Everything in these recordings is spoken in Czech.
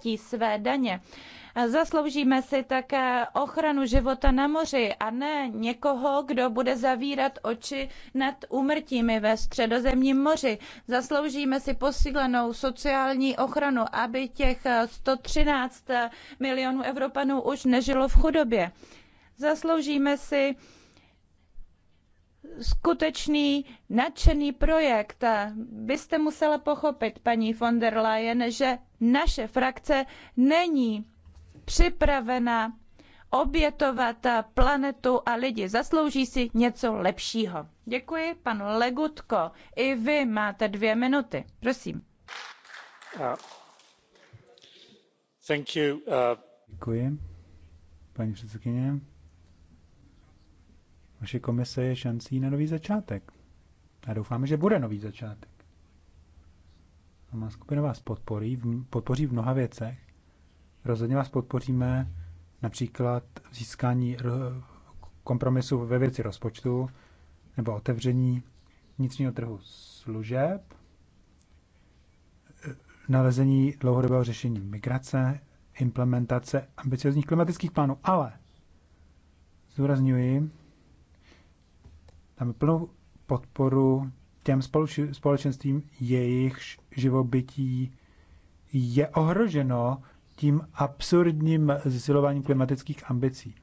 platí své daně. Zasloužíme si také ochranu života na moři a ne někoho, kdo bude zavírat oči nad úmrtími ve středozemním moři. Zasloužíme si posílenou sociální ochranu, aby těch 113 milionů Evropanů už nežilo v chudobě. Zasloužíme si skutečný nadšený projekt. Byste musela pochopit, paní von der Leyen, že naše frakce není připravena obětovat planetu a lidi. Zaslouží si něco lepšího. Děkuji, pan Legutko. I vy máte dvě minuty. Prosím. Uh, thank you, uh, Děkuji, paní předsedkyně. Vaše komise je šancí na nový začátek. A doufáme, že bude nový začátek. A má skupina vás podporí, v, podpoří v mnoha věcech. Rozhodně vás podpoříme například v získání kompromisu ve věci rozpočtu nebo otevření vnitřního trhu služeb, nalezení dlouhodobého řešení migrace, implementace ambiciozních klimatických plánů. Ale zdůrazňuji, Dáme plnou podporu těm společenstvím, jejichž živobytí je ohroženo tím absurdním zesilováním klimatických ambicí.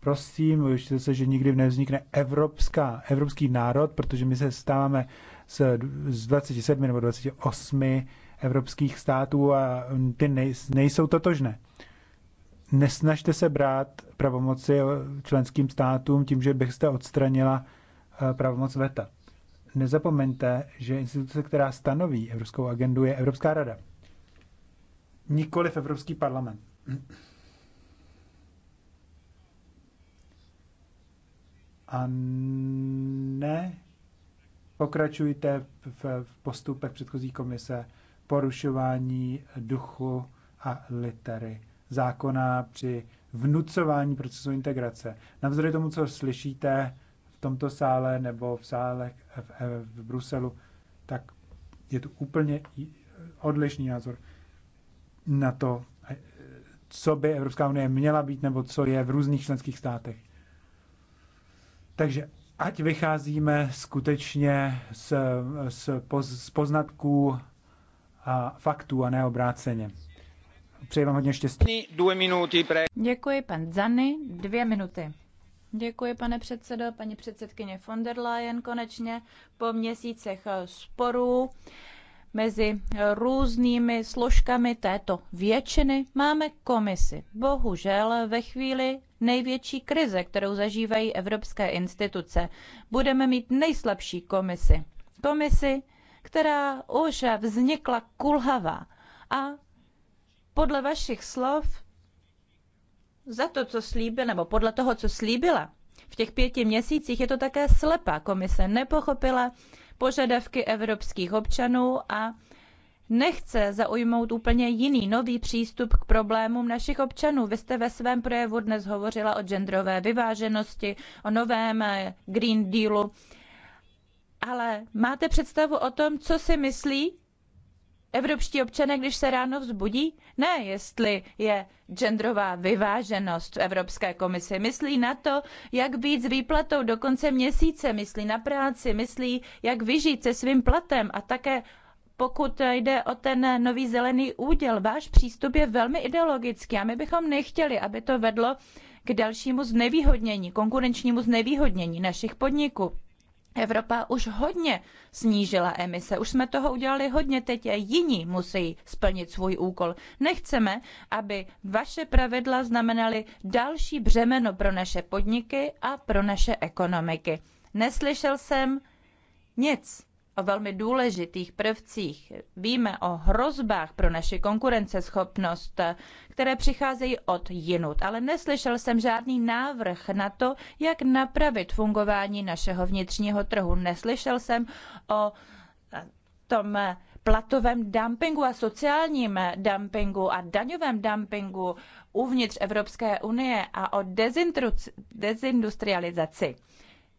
Prosím, ujištěte se, že nikdy nevznikne evropská, evropský národ, protože my se stáváme z, 27 nebo 28 evropských států a ty nejsou totožné nesnažte se brát pravomoci členským státům tím, že byste odstranila eh, pravomoc VETA. Nezapomeňte, že instituce, která stanoví evropskou agendu, je Evropská rada. Nikoliv Evropský parlament. A ne pokračujte v, v postupech předchozí komise porušování duchu a litery zákona při vnucování procesu integrace. Navzdory tomu, co slyšíte v tomto sále nebo v sálech v, v Bruselu, tak je to úplně odlišný názor na to, co by Evropská unie měla být nebo co je v různých členských státech. Takže ať vycházíme skutečně z, z, poz, z poznatků a faktů a ne obráceně. Přeji vám hodně štěstí. Dvě minuty, Děkuji, pan Zany. Dvě minuty. Děkuji, pane předsedo, paní předsedkyně von der Leyen. Konečně po měsících eh, sporů mezi různými složkami této většiny máme komisi. Bohužel ve chvíli největší krize, kterou zažívají evropské instituce, budeme mít nejslabší komisi. Komisi, která už vznikla kulhavá a podle vašich slov za to, co slíbila, nebo podle toho, co slíbila v těch pěti měsících, je to také slepá komise. Nepochopila požadavky evropských občanů a nechce zaujmout úplně jiný, nový přístup k problémům našich občanů. Vy jste ve svém projevu dnes hovořila o genderové vyváženosti, o novém eh, Green Dealu, ale máte představu o tom, co si myslí evropští občané, když se ráno vzbudí? Ne, jestli je genderová vyváženost v Evropské komisi. Myslí na to, jak být s výplatou do konce měsíce, myslí na práci, myslí, jak vyžít se svým platem a také pokud jde o ten nový zelený úděl, váš přístup je velmi ideologický a my bychom nechtěli, aby to vedlo k dalšímu znevýhodnění, konkurenčnímu znevýhodnění našich podniků. Evropa už hodně snížila emise, už jsme toho udělali hodně, teď jiní musí splnit svůj úkol. Nechceme, aby vaše pravidla znamenaly další břemeno pro naše podniky a pro naše ekonomiky. Neslyšel jsem nic o velmi důležitých prvcích. Víme o hrozbách pro naši konkurenceschopnost, které přicházejí od jinut, ale neslyšel jsem žádný návrh na to, jak napravit fungování našeho vnitřního trhu. Neslyšel jsem o tom platovém dumpingu a sociálním dumpingu a daňovém dumpingu uvnitř Evropské unie a o dezindustrializaci.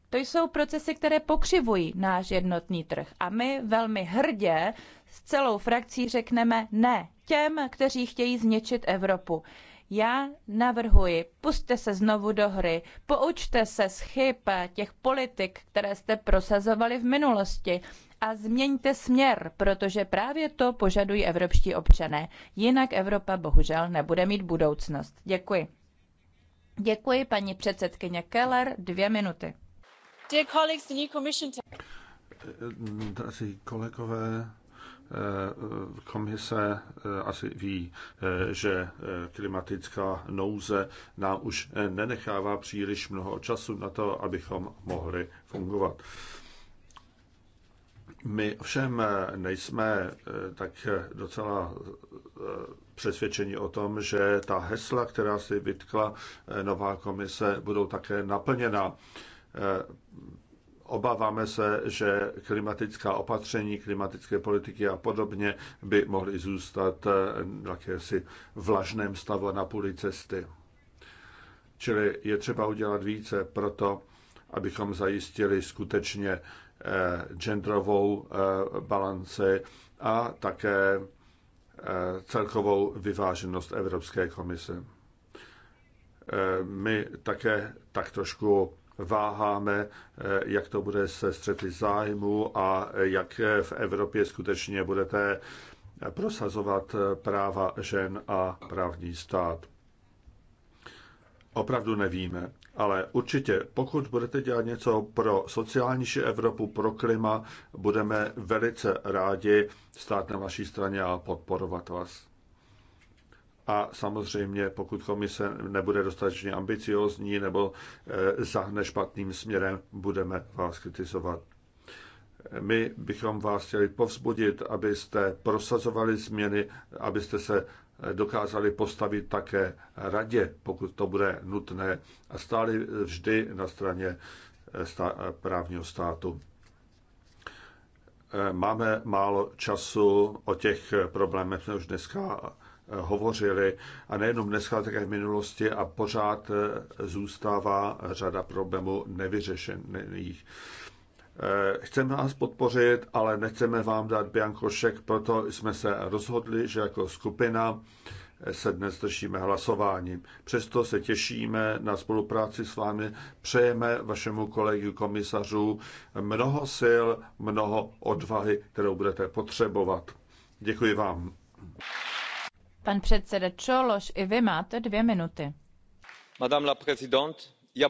To jsou procesy, které pokřivují náš jednotný trh. A my velmi hrdě s celou frakcí řekneme ne těm, kteří chtějí zničit Evropu. Já navrhuji, puste se znovu do hry, poučte se z chyb těch politik, které jste prosazovali v minulosti a změňte směr, protože právě to požadují evropští občané. Jinak Evropa bohužel nebude mít budoucnost. Děkuji. Děkuji paní předsedkyně Keller, dvě minuty. Drazí kolegové, eh, komise eh, asi ví, eh, že klimatická nouze nám už nenechává příliš mnoho času na to, abychom mohli fungovat. My všem nejsme tak docela přesvědčeni o tom, že ta hesla, která si vytkla nová komise, budou také naplněna Eh, obáváme se, že klimatická opatření, klimatické politiky a podobně by mohly zůstat eh, v jakési vlažném stavu na půli cesty. Čili je třeba udělat více pro to, abychom zajistili skutečně eh, genderovou balanci a také celkovou vyváženost Evropské komise. My také tak trošku váháme, eh, jak to bude se střety zájmu a jak v Evropě skutečně budete prosazovat práva žen a právní stát. Opravdu nevíme, ale určitě, pokud budete dělat něco pro sociálnější Evropu, pro klima, budeme velice rádi stát na vaší straně a podporovat vás a samozřejmě, pokud komise nebude dostatečně ambiciozní nebo eh, zahne špatným směrem, budeme vás kritizovat. My bychom vás chtěli povzbudit, abyste prosazovali změny, abyste se eh, dokázali postavit také radě, pokud to bude nutné, a stáli vždy na straně eh, právního státu. Máme málo času, o těch problémech jsme už dneska hovořili, a nejenom dneska, ale také v minulosti, a pořád eh, zůstává řada problémů nevyřešených. Eh, chceme vás podpořit, ale nechceme vám dát biankošek, proto jsme se rozhodli, že jako skupina eh, se dnes držíme hlasování. Přesto se těšíme na spolupráci s vámi. Přejeme vašemu kolegu komisařů mnoho sil, mnoho odvahy, kterou budete potřebovat. Děkuji vám. Pan předseda Čološ, i vy máte dvě minuty. Madame la présidente, já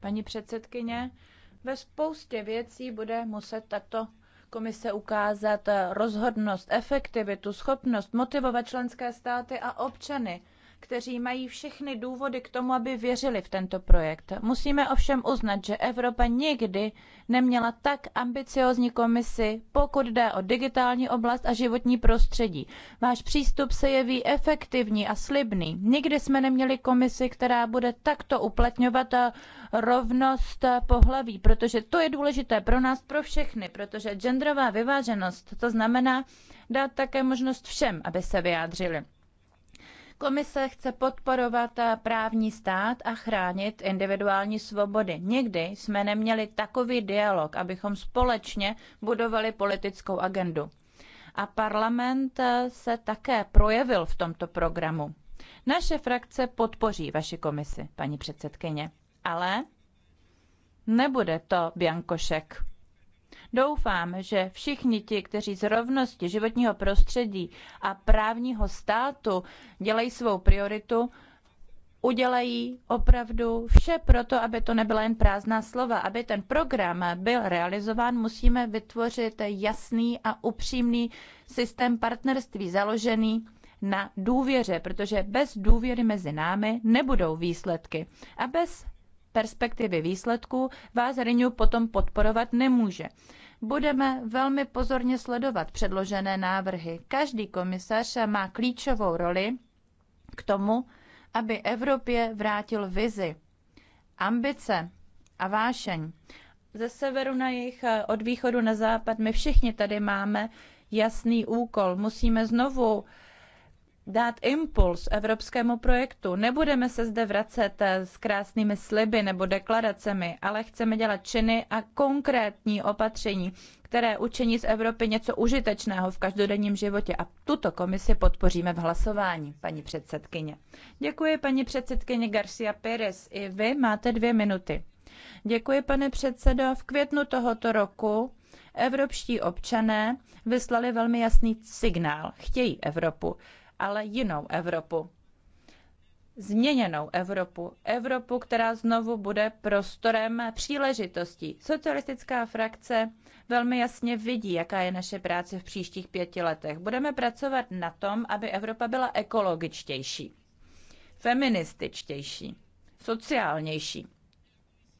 Paní předsedkyně, ve spoustě věcí bude muset tato komise ukázat rozhodnost, efektivitu, schopnost motivovat členské státy a občany – kteří mají všechny důvody k tomu, aby věřili v tento projekt. Musíme ovšem uznat, že Evropa nikdy neměla tak ambiciozní komisi, pokud jde o digitální oblast a životní prostředí. Váš přístup se jeví efektivní a slibný. Nikdy jsme neměli komisi, která bude takto uplatňovat eh, rovnost eh, pohlaví, protože to je důležité pro nás, pro všechny, protože genderová vyváženost, to znamená dát také možnost všem, aby se vyjádřili. Komise chce podporovat eh, právní stát a chránit individuální svobody. Nikdy jsme neměli takový dialog, abychom společně budovali politickou agendu. A parlament eh, se také projevil v tomto programu. Naše frakce podpoří vaši komisi, paní předsedkyně, ale nebude to Biankošek Doufám, že všichni ti, kteří z rovnosti životního prostředí a právního státu dělají svou prioritu, udělají opravdu vše pro to, aby to nebyla jen prázdná slova. Aby ten program byl realizován, musíme vytvořit jasný a upřímný systém partnerství založený na důvěře, protože bez důvěry mezi námi nebudou výsledky. A bez perspektivy výsledků vás Renew potom podporovat nemůže. Budeme velmi pozorně sledovat předložené návrhy. Každý komisař má klíčovou roli k tomu, aby Evropě vrátil vizi, ambice a vášeň. Ze severu na jih, od východu na západ, my všichni tady máme jasný úkol. Musíme znovu dát impuls evropskému projektu. Nebudeme se zde vracet eh, s krásnými sliby nebo deklaracemi, ale chceme dělat činy a konkrétní opatření, které učení z Evropy něco užitečného v každodenním životě. A tuto komisi podpoříme v hlasování, paní předsedkyně. Děkuji, paní předsedkyně Garcia Pérez. I vy máte dvě minuty. Děkuji, pane předsedo. V květnu tohoto roku evropští občané vyslali velmi jasný signál. Chtějí Evropu ale jinou Evropu. Změněnou Evropu. Evropu, která znovu bude prostorem příležitostí. Socialistická frakce velmi jasně vidí, jaká je naše práce v příštích pěti letech. Budeme pracovat na tom, aby Evropa byla ekologičtější, feminističtější, sociálnější.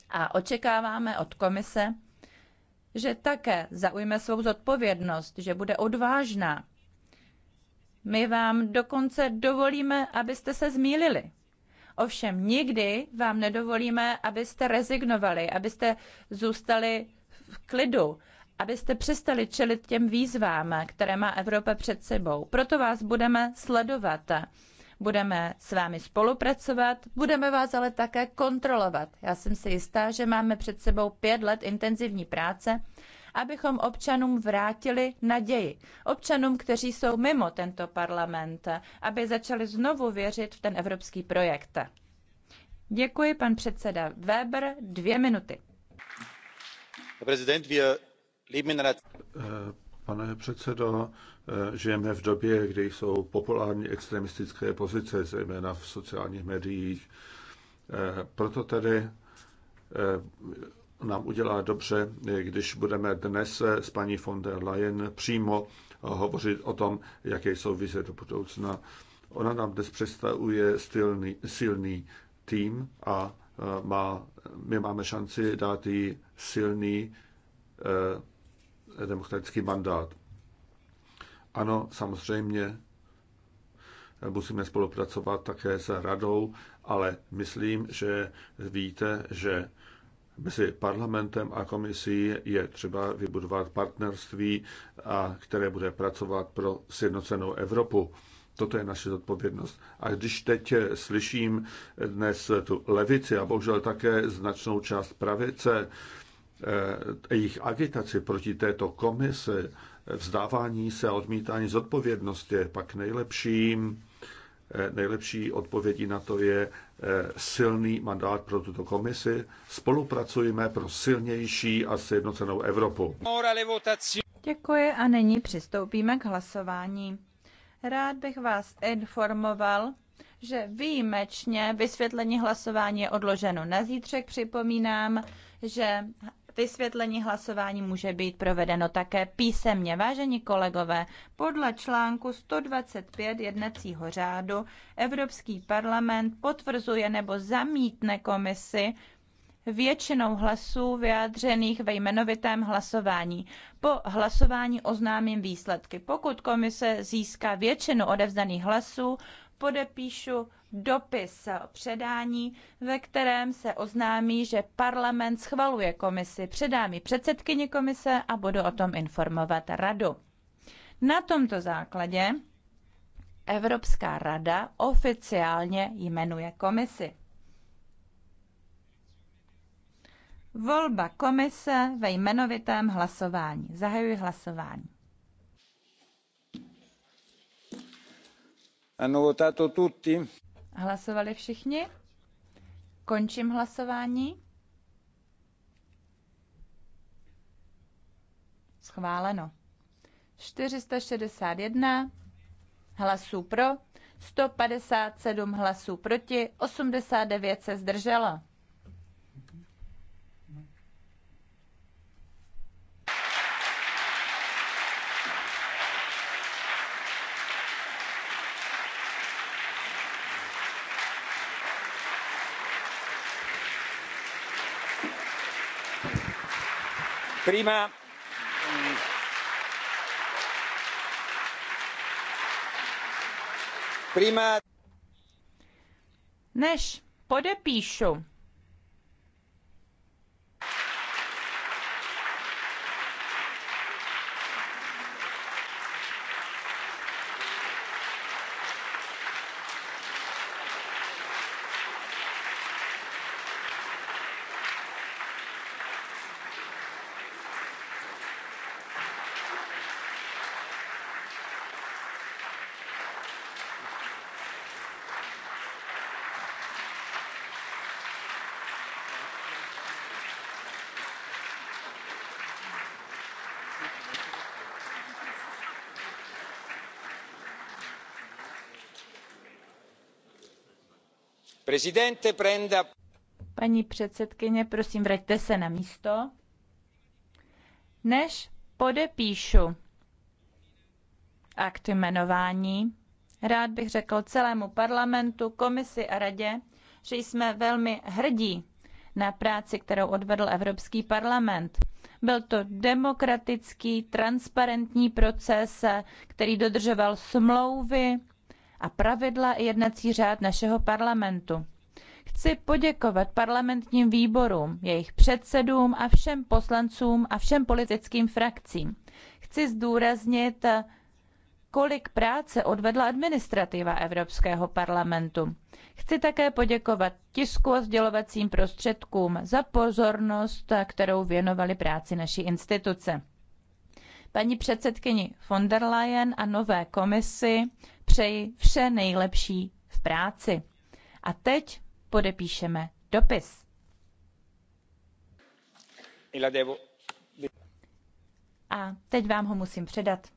A očekáváme od komise, že také zaujme svou zodpovědnost, že bude odvážná my vám dokonce dovolíme, abyste se zmílili. Ovšem nikdy vám nedovolíme, abyste rezignovali, abyste zůstali v klidu, abyste přestali čelit těm výzvám, které má Evropa před sebou. Proto vás budeme sledovat. Budeme s vámi spolupracovat, budeme vás ale také kontrolovat. Já jsem si jistá, že máme před sebou pět let intenzivní práce abychom občanům vrátili naději. Občanům, kteří jsou mimo tento parlament, aby začali znovu věřit v ten evropský projekt. Děkuji, pan předseda Weber, dvě minuty. Eh, pane předsedo, eh, žijeme v době, kdy jsou populární extremistické pozice, zejména v sociálních médiích. Eh, proto tedy nám udělá dobře, když budeme dnes s paní von der Leyen přímo hovořit o tom, jaké jsou vize do budoucna. Ona nám dnes představuje silný, silný tým a e, má, my máme šanci dát jí silný eh, demokratický mandát. Ano, samozřejmě musíme spolupracovat také s radou, ale myslím, že víte, že Mezi parlamentem a komisí je třeba vybudovat partnerství, a které bude pracovat pro sjednocenou Evropu. Toto je naše zodpovědnost. A když teď slyším dnes tu levici a bohužel také značnou část pravice, eh, jejich agitaci proti této komisi, eh, vzdávání se a odmítání zodpovědnosti, pak nejlepším eh, nejlepší odpovědí na to je Eh, silný mandát pro tuto komisi. Spolupracujeme pro silnější a sjednocenou Evropu. Děkuji a nyní přistoupíme k hlasování. Rád bych vás informoval, že výjimečně vysvětlení hlasování je odloženo na zítřek. Připomínám, že Vysvětlení hlasování může být provedeno také písemně. Vážení kolegové, podle článku 125 jednacího řádu Evropský parlament potvrzuje nebo zamítne komisi většinou hlasů vyjádřených ve jmenovitém hlasování. Po hlasování oznámím výsledky. Pokud komise získá většinu odevzdaných hlasů, podepíšu dopis o předání, ve kterém se oznámí, že parlament schvaluje komisi, předám ji předsedkyni komise a budu o tom informovat radu. Na tomto základě Evropská rada oficiálně jmenuje komisi. Volba komise ve jmenovitém hlasování. Zahajuji hlasování. Hlasovali všichni? Končím hlasování. Schváleno. 461 hlasů pro, 157 hlasů proti, 89 se zdrželo. prima prima než podepíšu Paní předsedkyně, prosím, vraťte se na místo. Než podepíšu akt jmenování, rád bych řekl celému parlamentu, komisi a radě, že jsme velmi hrdí na práci, kterou odvedl Evropský parlament. Byl to demokratický, transparentní proces, který dodržoval smlouvy, a pravidla i jednací řád našeho parlamentu. Chci poděkovat parlamentním výborům, jejich předsedům a všem poslancům a všem politickým frakcím. Chci zdůraznit, kolik práce odvedla administrativa Evropského parlamentu. Chci také poděkovat tisku a sdělovacím prostředkům za pozornost, kterou věnovali práci naší instituce. Paní předsedkyni von der Leyen a nové komisi přeji vše nejlepší v práci. A teď podepíšeme dopis. E A teď vám ho musím předat.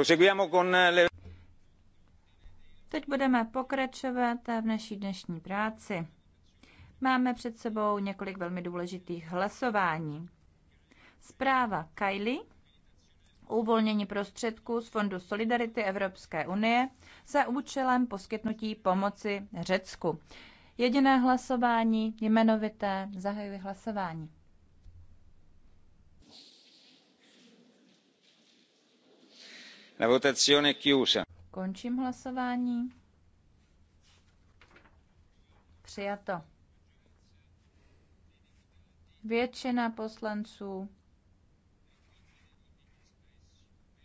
Eh, Teď budeme pokračovat v naší dnešní práci. Máme před sebou několik velmi důležitých hlasování. Zpráva Kylie uvolnění prostředků z Fondu Solidarity Evropské unie za účelem poskytnutí pomoci Řecku. Jediné hlasování, jmenovité, zahajuji hlasování. Končím hlasování. Přijato. Většina poslanců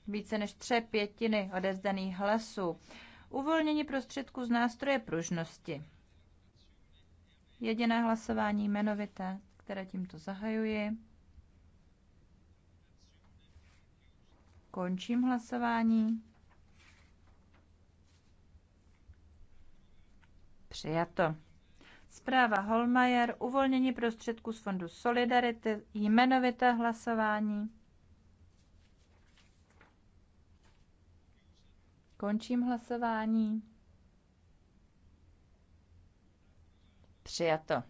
více než tři pětiny odezdaných hlasů. Uvolnění prostředků z nástroje pružnosti. Jediné hlasování jmenovité, které tímto zahajuji. Končím hlasování. Přijato. Zpráva Holmajer, uvolnění prostředků z Fondu Solidarity, jmenovité hlasování. Končím hlasování. Přijato.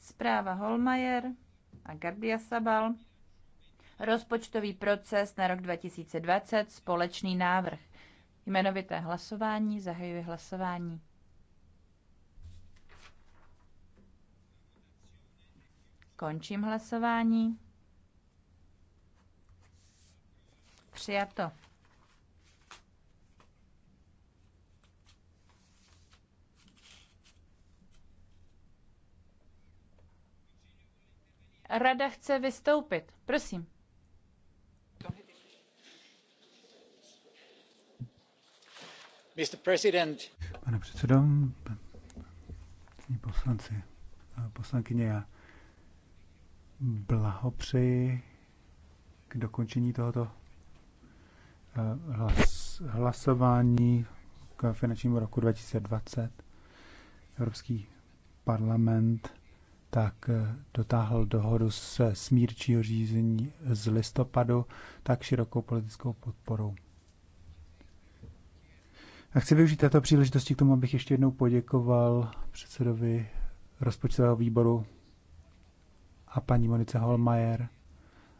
Zpráva Holmajer a Gardia Sabal. Rozpočtový proces na rok 2020, společný návrh. Jmenovité hlasování, zahajuji hlasování. Končím hlasování. Přijato. Rada chce vystoupit. Prosím. Pane předsedající paní poslanci, poslankyně, já blahopřeji k dokončení tohoto eh, hlas, hlasování k finančnímu roku 2020. Evropský parlament tak eh, dotáhl dohodu se smírčího řízení z listopadu tak širokou politickou podporou. A chci využít této příležitosti k tomu, abych ještě jednou poděkoval předsedovi rozpočtového výboru a paní Monice Holmajer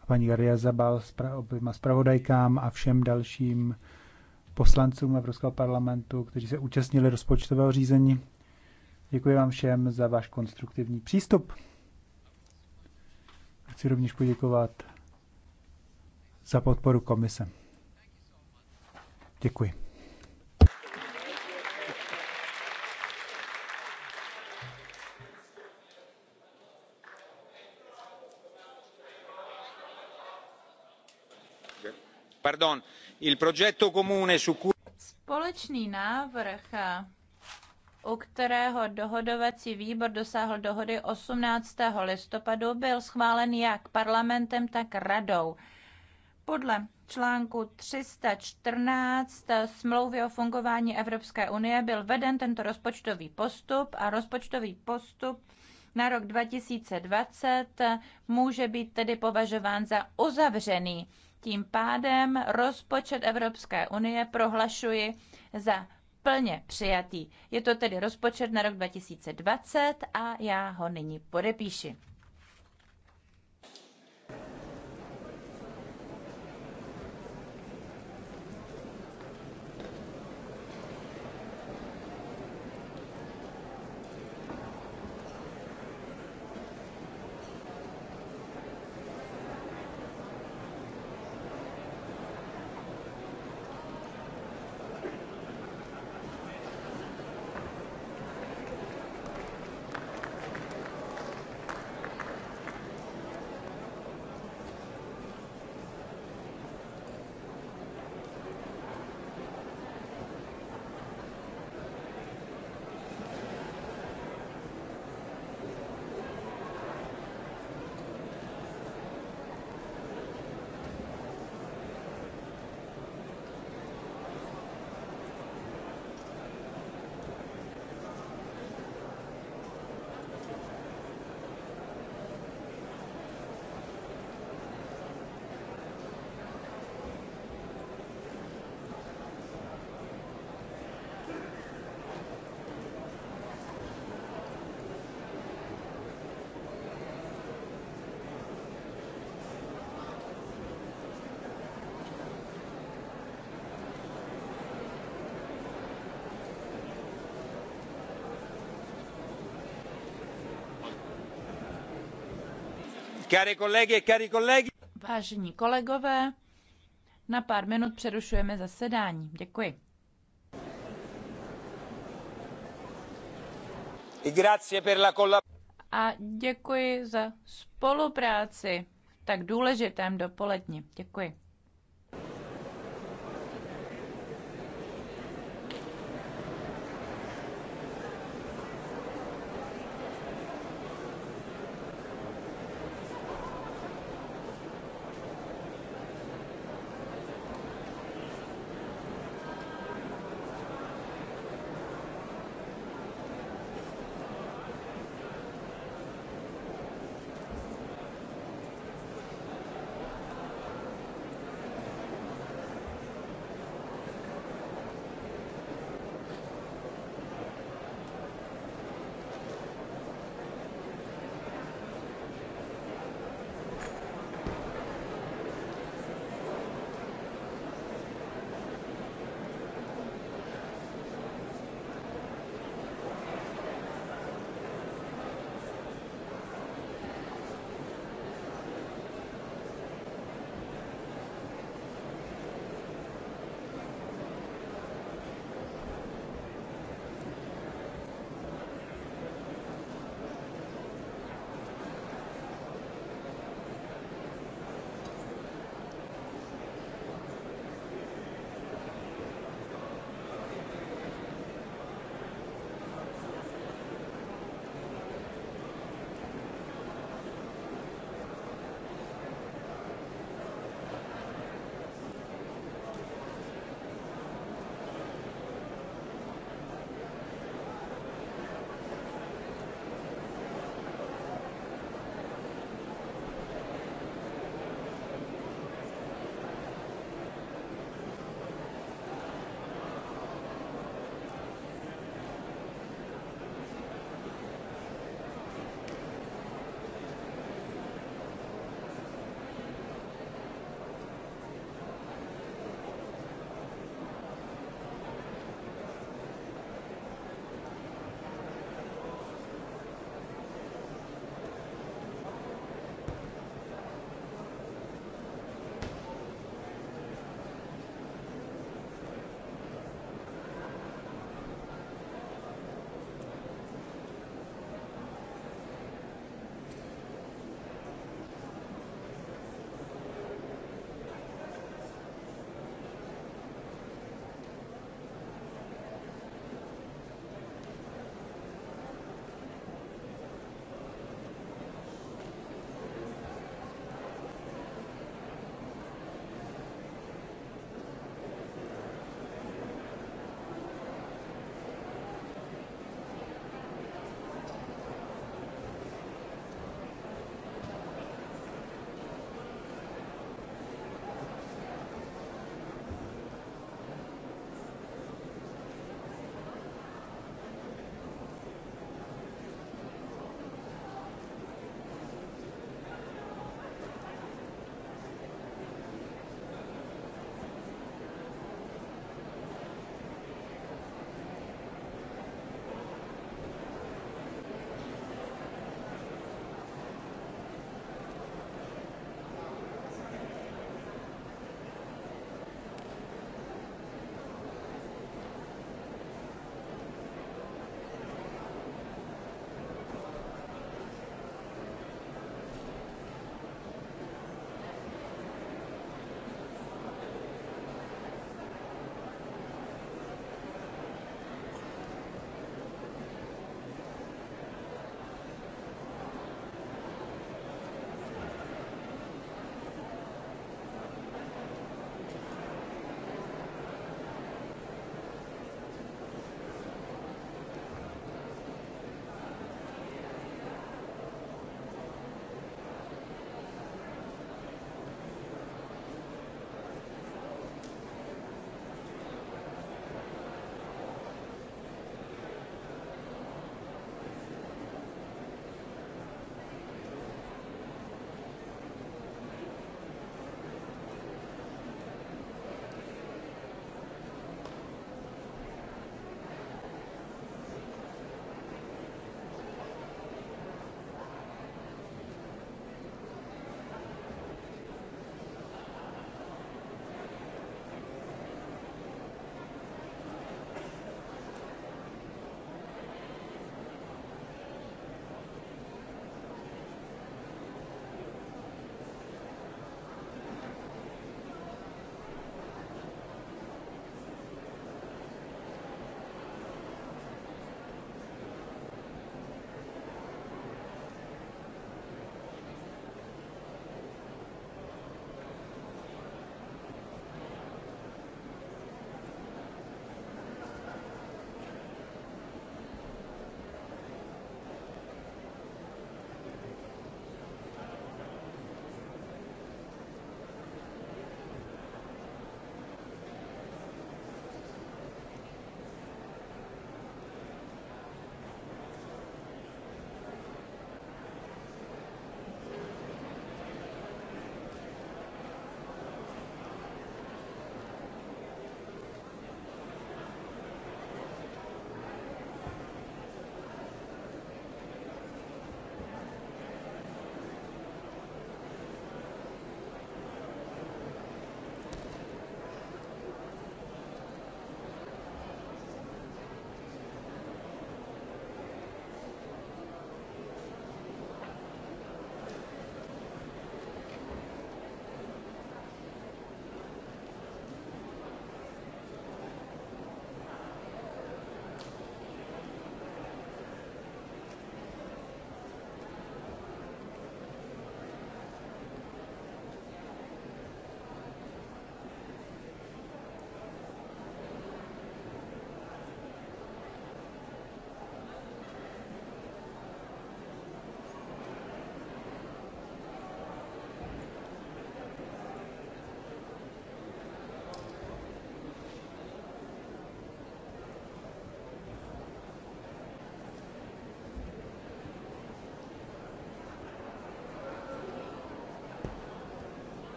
a paní Garia Zabal oběma zpravodajkám a všem dalším poslancům Evropského parlamentu, kteří se účastnili rozpočtového řízení. Děkuji vám všem za váš konstruktivní přístup. Chci rovněž poděkovat za podporu komise. Děkuji. Společný návrh, u kterého dohodovací výbor dosáhl dohody 18. listopadu, byl schválen jak parlamentem, tak radou. Podle článku 314 smlouvy o fungování Evropské unie byl veden tento rozpočtový postup a rozpočtový postup na rok 2020 může být tedy považován za uzavřený. Tím pádem rozpočet Evropské unie prohlašuji za plně přijatý. Je to tedy rozpočet na rok 2020 a já ho nyní podepíši. kolegy, kolegy. E Vážení kolegové, na pár minut přerušujeme zasedání. Děkuji. A děkuji za spolupráci v tak důležitém dopoledni. Děkuji.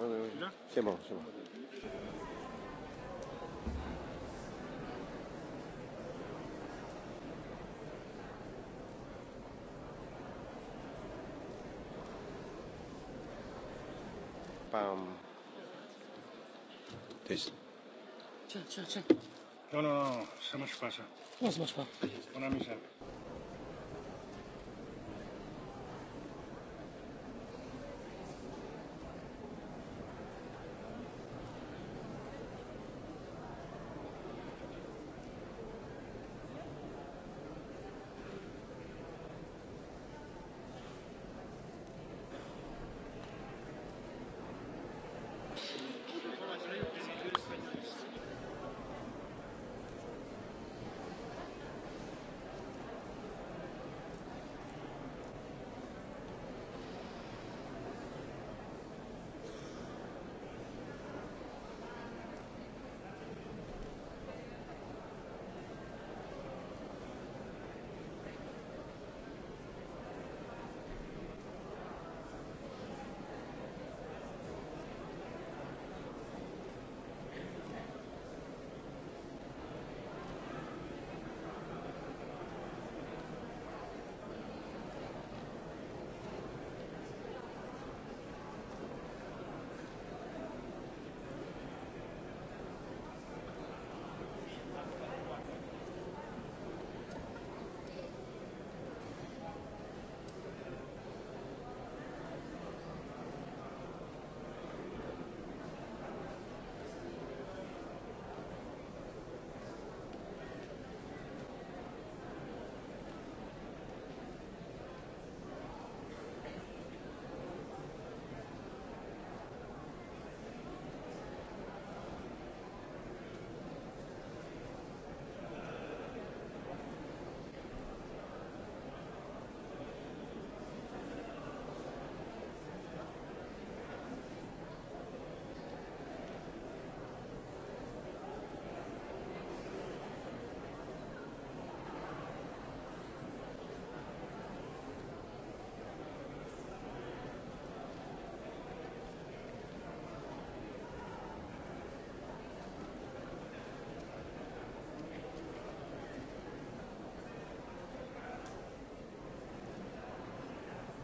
oui, oui. C'est bon, c'est bon. Pam. Test. Tiens, tiens, tiens. Non, non, non, no, ça marche pas, ça. Non, ça marche pas. On a mis ça.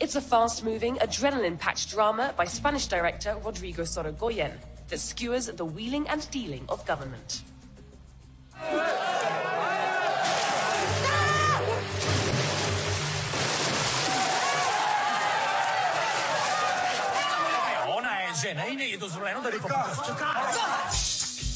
It's a fast moving, adrenaline packed drama by Spanish director Rodrigo Sorogoyen that skewers the wheeling and dealing of government. Ona je žena i ne idu zvrleno da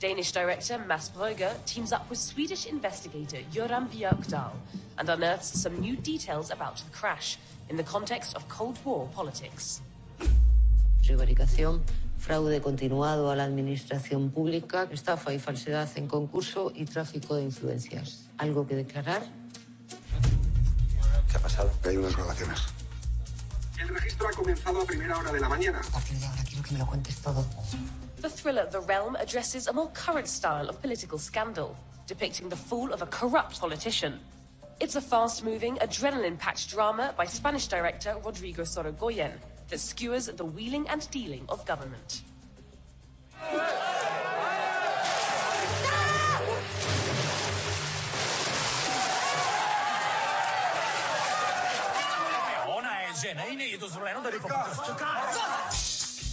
Danish director Mass Brugger teams up with Swedish investigator Joran Björkdahl and unearths some new details about the crash in the context of Cold War politics. Prevaricación, fraude continuado a la administración pública, estafa y falsedad en concurso y tráfico de influencias. ¿Algo que declarar? ¿Qué ha pasado? Hay unas grabaciones. El registro ha comenzado a primera hora de la mañana. A partir de ahora quiero que me lo cuentes todo. The thriller The Realm addresses a more current style of political scandal, depicting the fall of a corrupt politician. It's a fast moving, adrenaline packed drama by Spanish director Rodrigo Sorogoyen that skewers the wheeling and dealing of government. Ona je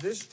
this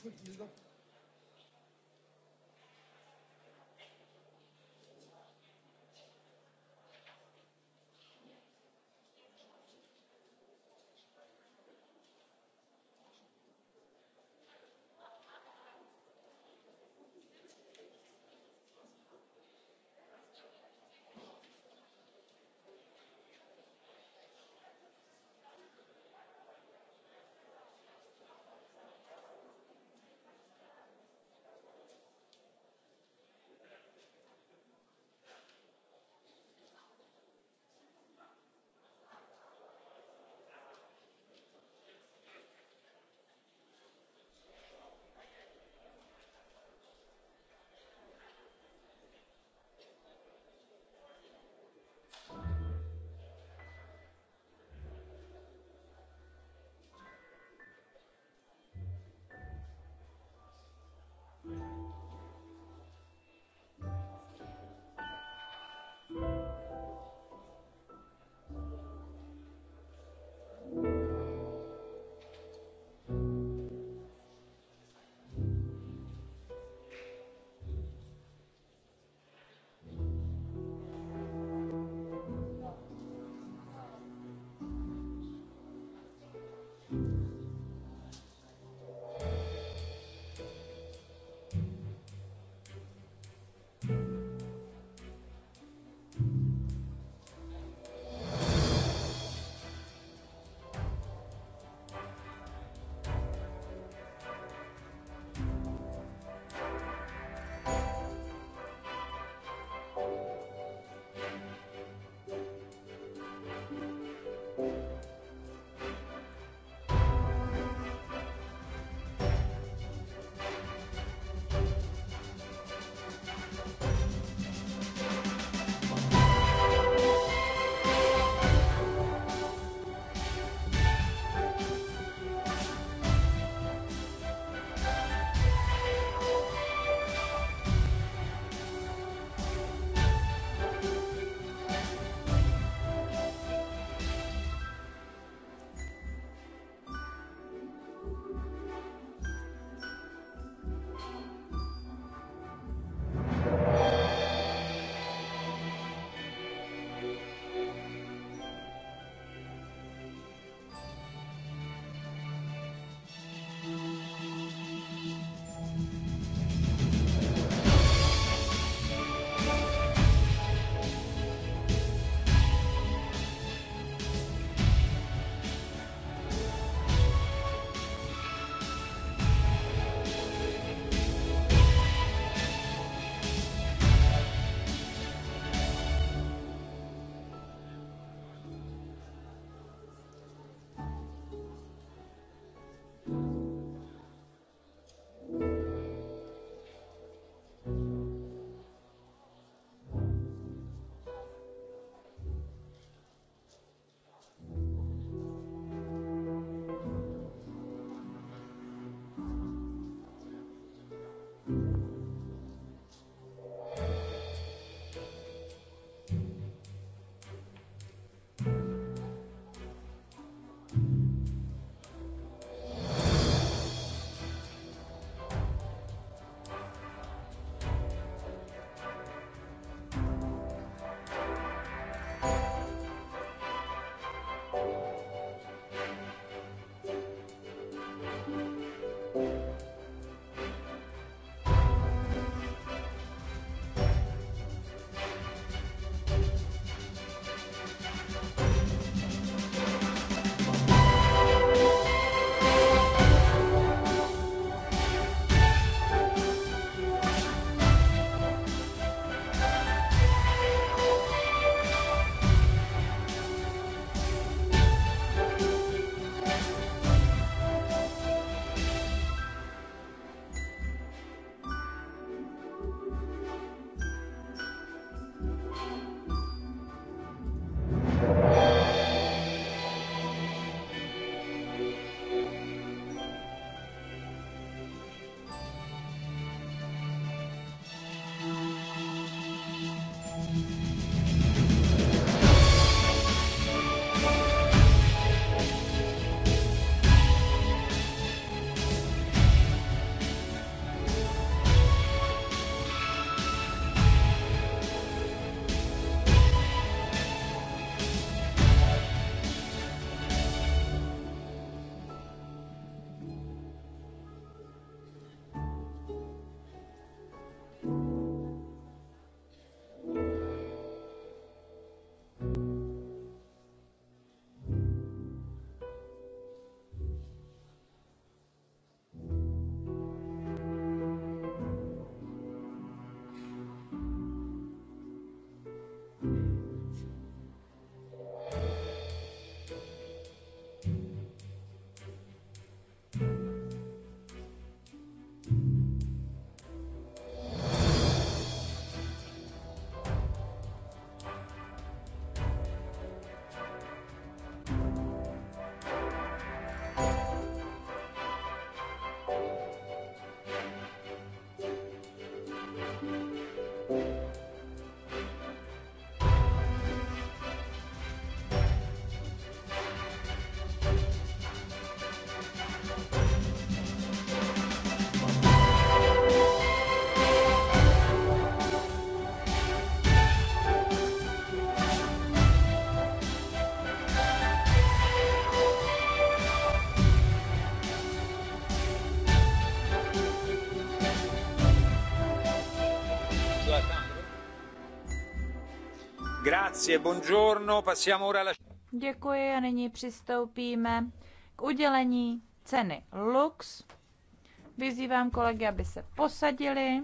Děkuji a nyní přistoupíme k udělení ceny Lux. Vyzývám kolegy, aby se posadili.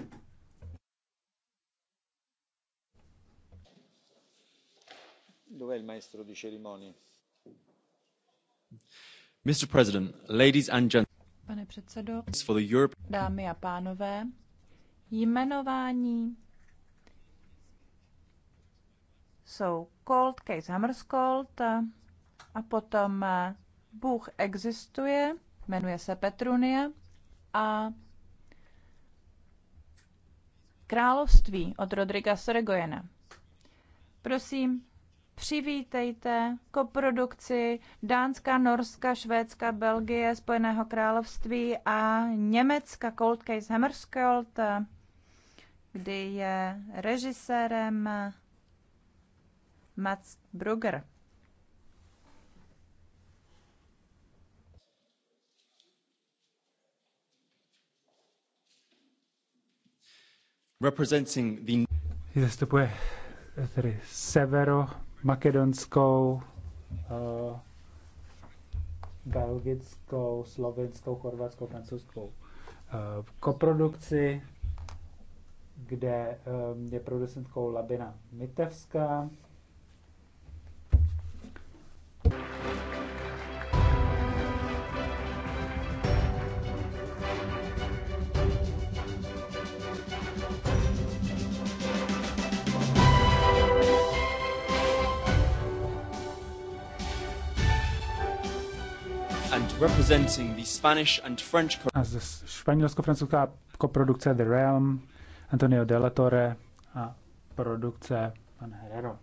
il maestro di cerimonie? Mr. President, ladies and gentlemen. Pane předsedo, dámy a pánové, jmenování jsou cold case Hammerskold eh, a potom eh, Bůh existuje, jmenuje se Petrunia a Království od Rodriga Sorgoyena. Prosím, přivítejte koprodukci Dánska, Norska, Švédska, Belgie, Spojeného království a Německa Cold Case Hammerskold, eh, kdy je režisérem Mats Brugger. Representing the... Zastupuje eh, tedy severo-makedonskou uh, eh, belgickou, slovenskou, chorvatskou, francouzskou eh, koprodukci, kde je producentkou Labina Mitevská. representing the Spanish and French a ze španělsko-francouzská koprodukce The Realm, Antonio Delatore a produkce pan Herrero.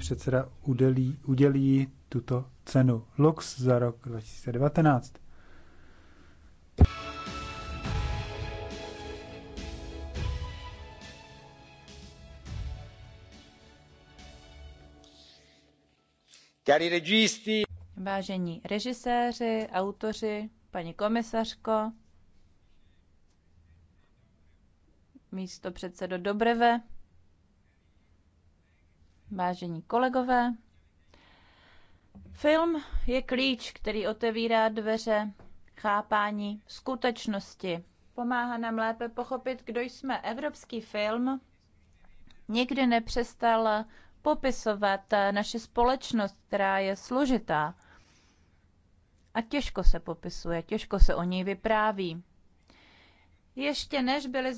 Předseda udělí, udělí tuto cenu Lux za rok 2019. Vážení režiséři, autoři, paní komisařko, místo předsedo Dobreve, vážení kolegové. Film je klíč, který otevírá dveře chápání skutečnosti. Pomáhá nám lépe pochopit, kdo jsme. Evropský film nikdy nepřestal popisovat naše společnost, která je složitá a těžko se popisuje, těžko se o něj vypráví. Ještě než byly